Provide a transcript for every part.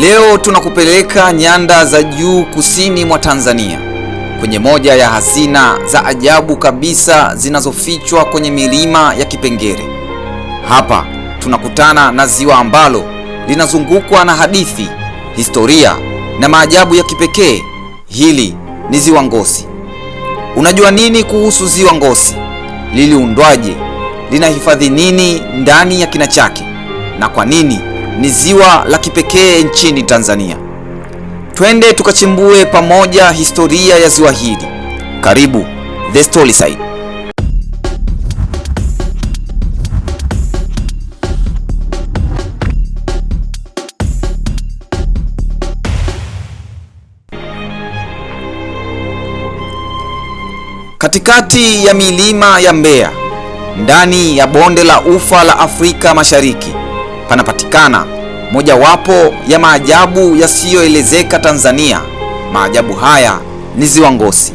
Leo tunakupeleka nyanda za juu kusini mwa Tanzania kwenye moja ya hazina za ajabu kabisa zinazofichwa kwenye milima ya Kipengere. Hapa tunakutana na ziwa ambalo linazungukwa na hadithi, historia na maajabu ya kipekee. Hili ni Ziwa Ngosi. Unajua nini kuhusu Ziwa Ngosi? Liliundwaje? Linahifadhi nini ndani ya kina chake? Na kwa nini ni ziwa la kipekee nchini Tanzania. Twende tukachimbue pamoja historia ya ziwa hili. Karibu The Side. Katikati ya milima ya Mbeya, ndani ya bonde la ufa la Afrika Mashariki, panapatikana mojawapo ya maajabu yasiyoelezeka Tanzania. Maajabu haya ni ziwa Ngosi.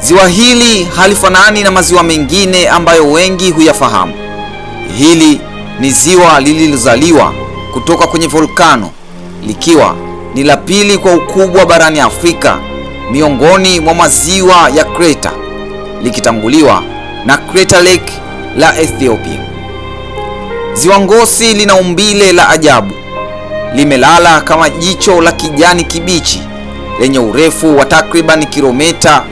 Ziwa hili halifanani na maziwa mengine ambayo wengi huyafahamu. Hili ni ziwa lililozaliwa kutoka kwenye volkano likiwa ni la pili kwa ukubwa barani Afrika miongoni mwa maziwa ya kreta likitanguliwa na Crater Lake la Ethiopia. Ziwa Ngosi lina umbile la ajabu, limelala kama jicho la kijani kibichi lenye urefu wa takriban kilomita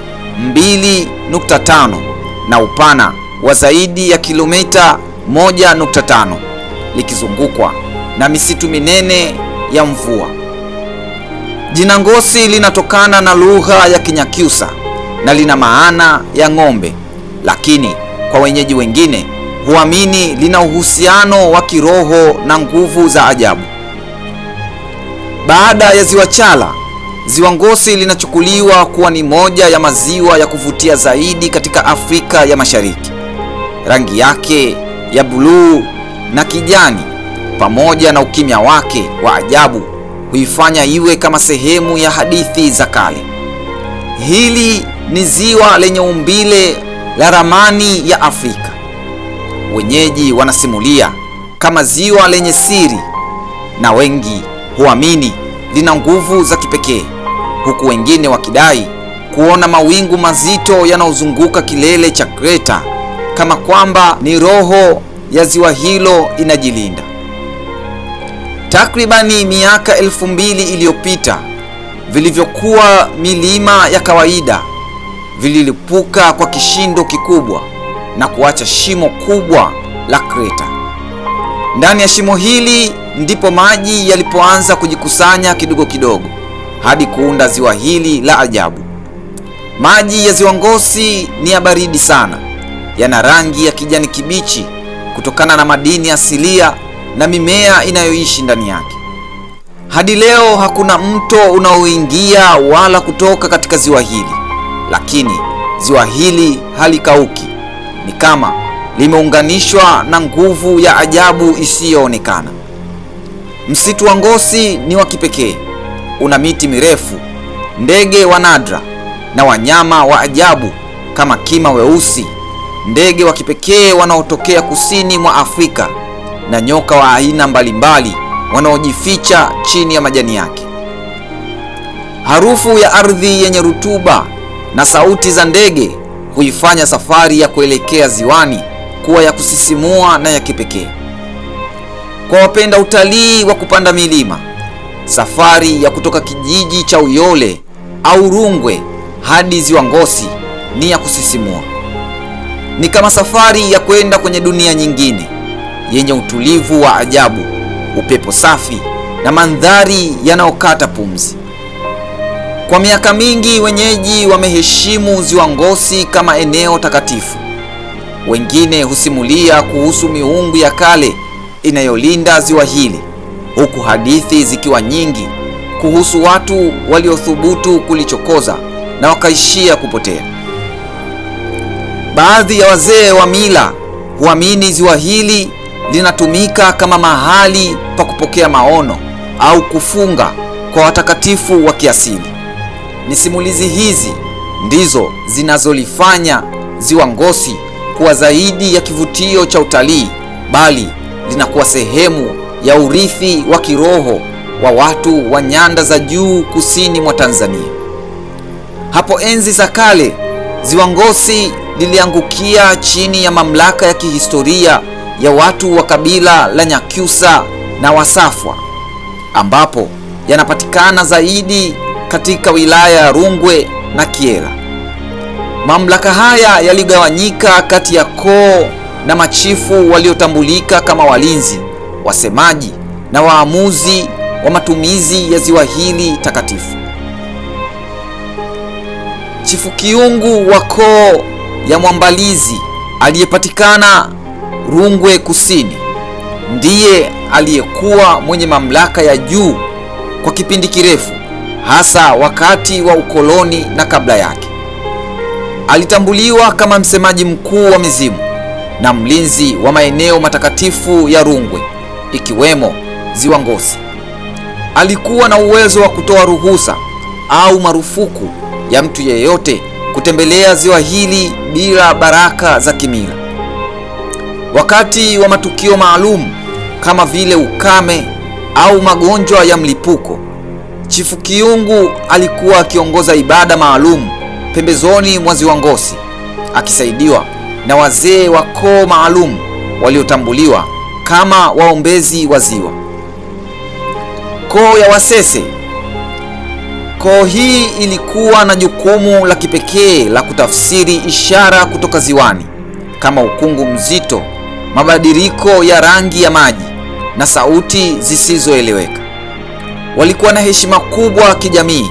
2.5 na upana wa zaidi ya kilomita 1.5 likizungukwa na misitu minene ya mvua. Jina Ngosi linatokana na lugha ya Kinyakyusa na lina maana ya ng'ombe, lakini kwa wenyeji wengine huamini lina uhusiano wa kiroho na nguvu za ajabu. Baada ya ziwa Chala, ziwa Ngosi linachukuliwa kuwa ni moja ya maziwa ya kuvutia zaidi katika Afrika ya Mashariki. Rangi yake ya buluu na kijani pamoja na ukimya wake wa ajabu huifanya iwe kama sehemu ya hadithi za kale. Hili ni ziwa lenye umbile la ramani ya Afrika wenyeji wanasimulia kama ziwa lenye siri, na wengi huamini lina nguvu za kipekee, huku wengine wakidai kuona mawingu mazito yanayozunguka kilele cha kreta, kama kwamba ni roho ya ziwa hilo inajilinda. Takribani miaka elfu mbili iliyopita, vilivyokuwa milima ya kawaida vililipuka kwa kishindo kikubwa na kuacha shimo kubwa la kreta. Ndani ya shimo hili ndipo maji yalipoanza kujikusanya kidogo kidogo hadi kuunda ziwa hili la ajabu. Maji ya ziwa Ngosi ni ya baridi sana, yana rangi ya kijani kibichi kutokana na madini asilia na mimea inayoishi ndani yake. Hadi leo hakuna mto unaoingia wala kutoka katika ziwa hili, lakini ziwa hili halikauki ni kama limeunganishwa na nguvu ya ajabu isiyoonekana. Msitu wa Ngosi ni wa kipekee, una miti mirefu, ndege wa nadra na wanyama wa ajabu kama kima weusi, ndege wa kipekee wanaotokea kusini mwa Afrika na nyoka wa aina mbalimbali wanaojificha chini ya majani yake. Harufu ya ardhi yenye rutuba na sauti za ndege kuifanya safari ya kuelekea ziwani kuwa ya kusisimua na ya kipekee. Kwa wapenda utalii wa kupanda milima, safari ya kutoka kijiji cha Uyole au Rungwe hadi Ziwa Ngosi ni ya kusisimua. Ni kama safari ya kwenda kwenye dunia nyingine yenye utulivu wa ajabu, upepo safi na mandhari yanayokata pumzi. Kwa miaka mingi wenyeji wameheshimu ziwa Ngosi kama eneo takatifu. Wengine husimulia kuhusu miungu ya kale inayolinda ziwa hili, huku hadithi zikiwa nyingi kuhusu watu waliothubutu kulichokoza na wakaishia kupotea. Baadhi ya wazee wa mila huamini ziwa hili linatumika kama mahali pa kupokea maono au kufunga kwa watakatifu wa kiasili. Ni simulizi hizi ndizo zinazolifanya Ziwa Ngosi kuwa zaidi ya kivutio cha utalii, bali linakuwa sehemu ya urithi wa kiroho wa watu wa nyanda za juu kusini mwa Tanzania. Hapo enzi za kale, Ziwa Ngosi liliangukia chini ya mamlaka ya kihistoria ya watu wa kabila la Nyakyusa na Wasafwa ambapo yanapatikana zaidi katika wilaya ya Rungwe na kiela Mamlaka haya yaligawanyika kati ya koo na machifu waliotambulika kama walinzi, wasemaji na waamuzi wa matumizi ya ziwa hili takatifu. Chifu Kiungu wa koo ya Mwambalizi aliyepatikana Rungwe Kusini ndiye aliyekuwa mwenye mamlaka ya juu kwa kipindi kirefu hasa wakati wa ukoloni na kabla yake. Alitambuliwa kama msemaji mkuu wa mizimu na mlinzi wa maeneo matakatifu ya Rungwe, ikiwemo Ziwa Ngosi. Alikuwa na uwezo wa kutoa ruhusa au marufuku ya mtu yeyote kutembelea ziwa hili bila baraka za kimila. Wakati wa matukio maalum kama vile ukame au magonjwa ya mlipuko Chifu Kiungu alikuwa akiongoza ibada maalum pembezoni mwa Ziwa Ngosi akisaidiwa na wazee wa koo maalum waliotambuliwa kama waombezi wa ziwa. Koo ya Wasese. Koo hii ilikuwa na jukumu la kipekee la kutafsiri ishara kutoka ziwani kama ukungu mzito, mabadiliko ya rangi ya maji na sauti zisizoeleweka walikuwa na heshima kubwa kijamii,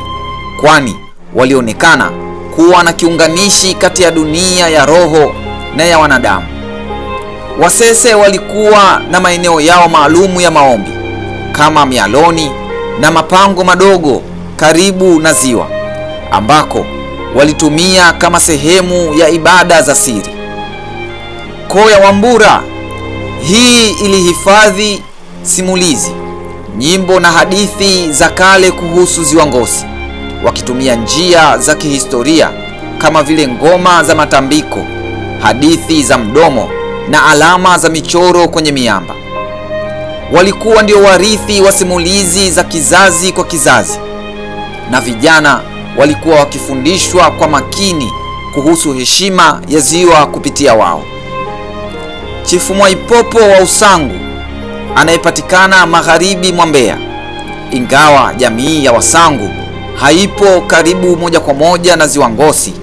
kwani walionekana kuwa na kiunganishi kati ya dunia ya roho na ya wanadamu. Wasese walikuwa na maeneo yao maalumu ya maombi kama mialoni na mapango madogo karibu na ziwa, ambako walitumia kama sehemu ya ibada za siri. Koo ya Wambura hii ilihifadhi simulizi nyimbo na hadithi za kale kuhusu ziwa Ngosi, wakitumia njia za kihistoria kama vile ngoma za matambiko, hadithi za mdomo na alama za michoro kwenye miamba. Walikuwa ndio warithi wa simulizi za kizazi kwa kizazi, na vijana walikuwa wakifundishwa kwa makini kuhusu heshima ya ziwa kupitia wao. Chifu Mwaipopo wa Usangu anayepatikana magharibi mwa Mbeya. Ingawa jamii ya Wasangu haipo karibu moja kwa moja na Ziwa Ngosi,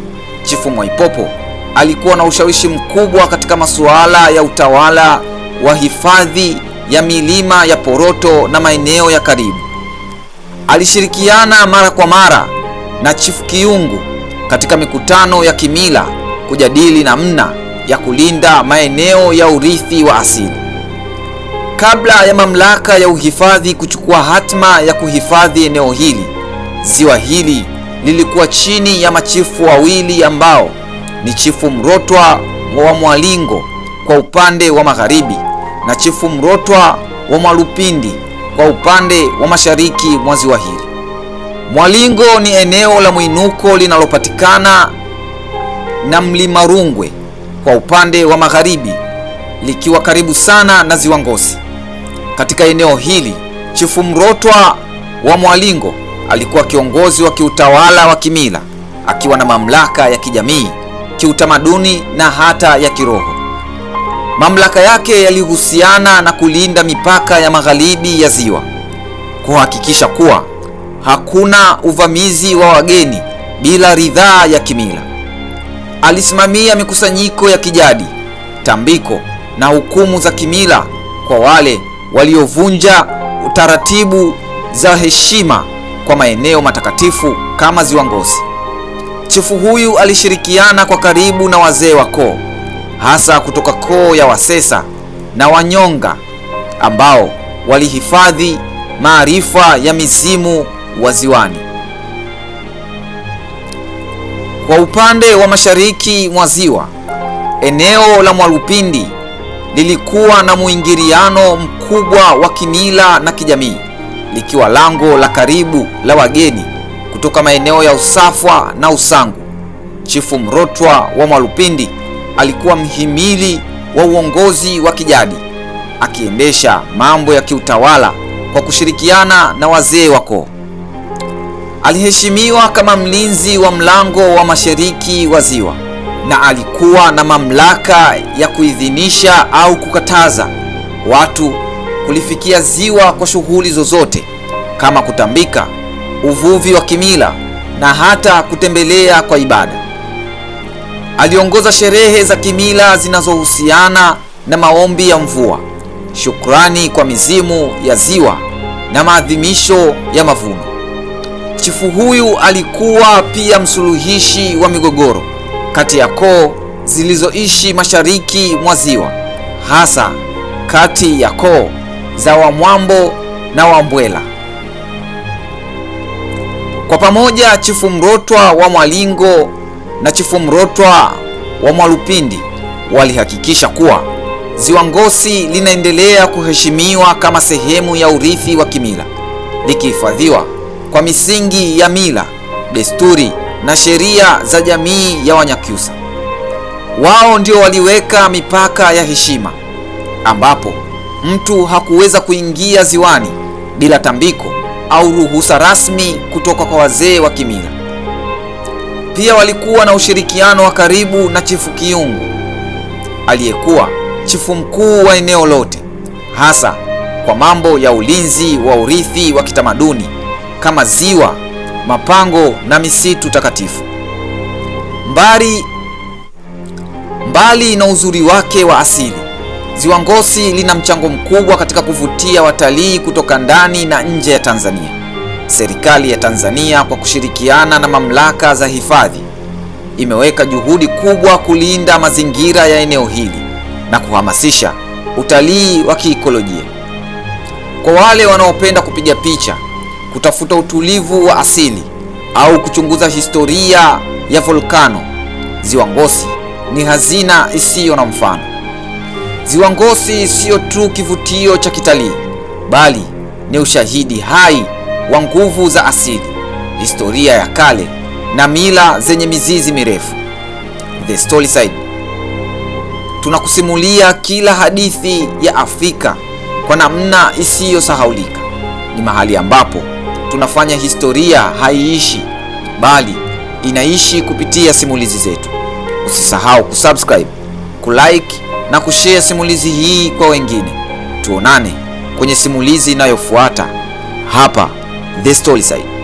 Chifu Mwaipopo alikuwa na ushawishi mkubwa katika masuala ya utawala wa hifadhi ya milima ya Poroto na maeneo ya karibu. Alishirikiana mara kwa mara na Chifu Kiungu katika mikutano ya kimila kujadili namna ya kulinda maeneo ya urithi wa asili kabla ya mamlaka ya uhifadhi kuchukua hatima ya kuhifadhi eneo hili. Ziwa hili lilikuwa chini ya machifu wawili ambao ni Chifu Mrotwa wa Mwalingo kwa upande wa magharibi na Chifu Mrotwa wa Mwalupindi kwa upande wa mashariki mwa ziwa hili. Mwalingo ni eneo la mwinuko linalopatikana na Mlima Rungwe kwa upande wa magharibi likiwa karibu sana na Ziwa Ngosi. Katika eneo hili, Chifu Mrotwa wa Mwalingo alikuwa kiongozi wa kiutawala wa kimila, akiwa na mamlaka ya kijamii, kiutamaduni na hata ya kiroho. Mamlaka yake yalihusiana na kulinda mipaka ya magharibi ya ziwa, kuhakikisha kuwa hakuna uvamizi wa wageni bila ridhaa ya kimila. Alisimamia mikusanyiko ya kijadi, tambiko na hukumu za kimila kwa wale waliovunja taratibu za heshima kwa maeneo matakatifu kama Ziwa Ngosi. Chifu huyu alishirikiana kwa karibu na wazee wa koo, hasa kutoka koo ya Wasesa na Wanyonga ambao walihifadhi maarifa ya mizimu wa ziwani. Kwa upande wa mashariki mwa ziwa, eneo la Mwalupindi lilikuwa na mwingiliano mkubwa wa kimila na kijamii, likiwa lango la karibu la wageni kutoka maeneo ya Usafwa na Usangu. Chifu Mrotwa wa Mwalupindi alikuwa mhimili wa uongozi wa kijadi, akiendesha mambo ya kiutawala kwa kushirikiana na wazee wa koo. Aliheshimiwa kama mlinzi wa mlango wa mashariki wa ziwa na alikuwa na mamlaka ya kuidhinisha au kukataza watu kulifikia ziwa kwa shughuli zozote kama kutambika, uvuvi wa kimila na hata kutembelea kwa ibada. Aliongoza sherehe za kimila zinazohusiana na maombi ya mvua, shukrani kwa mizimu ya ziwa na maadhimisho ya mavuno. Chifu huyu alikuwa pia msuluhishi wa migogoro kati ya koo zilizoishi mashariki mwa ziwa, hasa kati ya koo za Wamwambo na Wambwela. Kwa pamoja, Chifu Mrotwa wa Mwalingo na Chifu Mrotwa wa Mwalupindi walihakikisha kuwa Ziwa Ngosi linaendelea kuheshimiwa kama sehemu ya urithi wa kimila, likihifadhiwa kwa misingi ya mila, desturi na sheria za jamii ya Wanyakyusa. Wao ndio waliweka mipaka ya heshima, ambapo mtu hakuweza kuingia ziwani bila tambiko au ruhusa rasmi kutoka kwa wazee wa kimila. Pia walikuwa na ushirikiano wa karibu na Chifu Kiungu aliyekuwa chifu mkuu wa eneo lote, hasa kwa mambo ya ulinzi wa urithi wa kitamaduni kama ziwa mapango na misitu takatifu. Mbali mbali na uzuri wake wa asili, Ziwa Ngosi lina mchango mkubwa katika kuvutia watalii kutoka ndani na nje ya Tanzania. Serikali ya Tanzania kwa kushirikiana na mamlaka za hifadhi imeweka juhudi kubwa kulinda mazingira ya eneo hili na kuhamasisha utalii wa kiikolojia. Kwa wale wanaopenda kupiga picha kutafuta utulivu wa asili au kuchunguza historia ya volkano, Ziwa Ngosi ni hazina isiyo na mfano. Ziwa Ngosi siyo tu kivutio cha kitalii, bali ni ushahidi hai wa nguvu za asili, historia ya kale na mila zenye mizizi mirefu. The Storyside tunakusimulia kila hadithi ya Afrika kwa namna isiyosahaulika. Ni mahali ambapo tunafanya historia haiishi, bali inaishi kupitia simulizi zetu. Usisahau kusubscribe, kulike na kushare simulizi hii kwa wengine. Tuonane kwenye simulizi inayofuata hapa The Storyside.